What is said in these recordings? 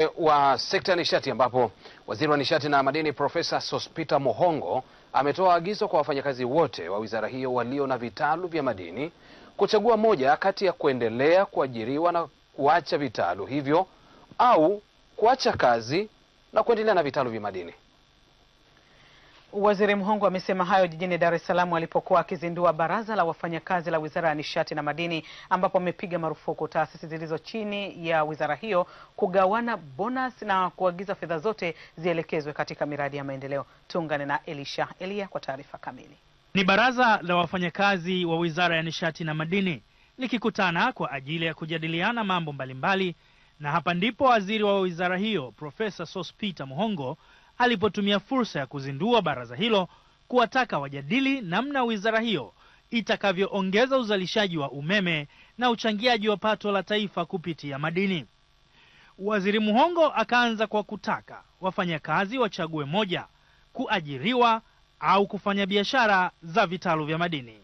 Eh, wa sekta ya nishati ambapo waziri wa nishati na madini Profesa Sospita mohongo ametoa agizo kwa wafanyakazi wote wa wizara hiyo walio na vitalu vya madini kuchagua moja kati ya kuendelea kuajiriwa na kuacha vitalu hivyo au kuacha kazi na kuendelea na vitalu vya madini. Waziri Mhongo amesema hayo jijini Dar es Salaam alipokuwa akizindua baraza la wafanyakazi la Wizara ya Nishati na Madini ambapo amepiga marufuku taasisi zilizo chini ya wizara hiyo kugawana bonus na kuagiza fedha zote zielekezwe katika miradi ya maendeleo. Tuungane na Elisha Elia kwa taarifa kamili. Ni baraza la wafanyakazi wa Wizara ya Nishati na Madini likikutana kwa ajili ya kujadiliana mambo mbalimbali mbali, na hapa ndipo waziri wa wizara hiyo Profesa Sospeter Muhongo alipotumia fursa ya kuzindua baraza hilo kuwataka wajadili namna wizara hiyo itakavyoongeza uzalishaji wa umeme na uchangiaji wa pato la taifa kupitia madini. Waziri Muhongo akaanza kwa kutaka wafanyakazi wachague moja, kuajiriwa au kufanya biashara za vitalu vya madini.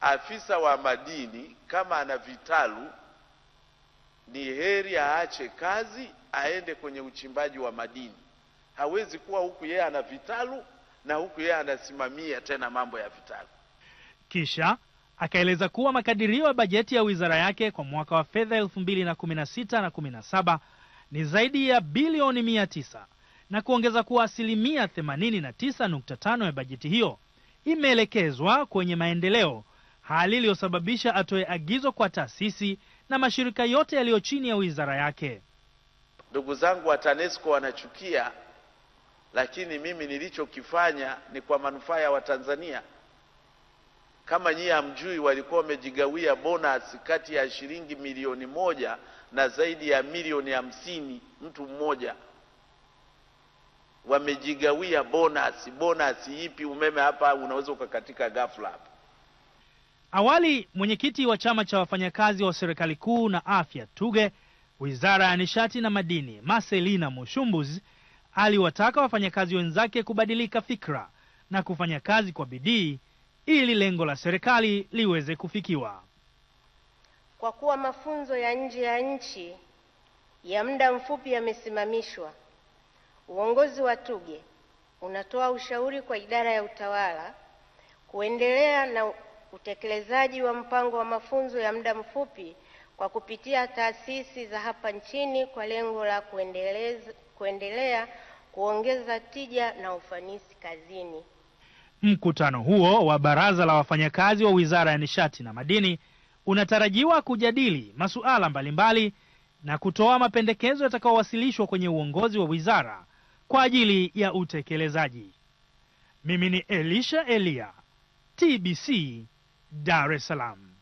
Afisa wa madini kama ana vitalu, ni heri aache kazi aende kwenye uchimbaji wa madini hawezi kuwa huku yeye ana vitalu na huku yeye anasimamia tena mambo ya vitalu. Kisha akaeleza kuwa makadirio ya bajeti ya wizara yake kwa mwaka wa fedha 2016 na 17 ni zaidi ya bilioni 900 na kuongeza kuwa asilimia 89.5 ya bajeti hiyo imeelekezwa kwenye maendeleo, hali iliyosababisha atoe agizo kwa taasisi na mashirika yote yaliyo chini ya wizara yake. Ndugu zangu wa TANESCO wanachukia lakini mimi nilichokifanya ni kwa manufaa ya Watanzania. Kama nyie hamjui, walikuwa wamejigawia bonus kati ya shilingi milioni moja na zaidi ya milioni hamsini mtu mmoja wamejigawia bonus. Bonus ipi? Umeme hapa unaweza ukakatika ghafla hapa. Awali mwenyekiti wa chama cha wafanyakazi wa serikali kuu na afya tuge wizara ya nishati na madini, Marcelina Mushumbuzi aliwataka wafanyakazi wenzake kubadilika fikra na kufanya kazi kwa bidii ili lengo la serikali liweze kufikiwa. Kwa kuwa mafunzo ya nje ya nchi ya muda mfupi yamesimamishwa, uongozi wa TUGHE unatoa ushauri kwa idara ya utawala kuendelea na utekelezaji wa mpango wa mafunzo ya muda mfupi kwa kupitia taasisi za hapa nchini kwa lengo la kuendeleza kuendelea kuongeza tija na ufanisi kazini. Mkutano huo wa baraza la wafanyakazi wa Wizara ya Nishati na Madini unatarajiwa kujadili masuala mbalimbali na kutoa mapendekezo yatakayowasilishwa kwenye uongozi wa wizara kwa ajili ya utekelezaji. Mimi ni Elisha Elia, TBC, Dar es Salaam.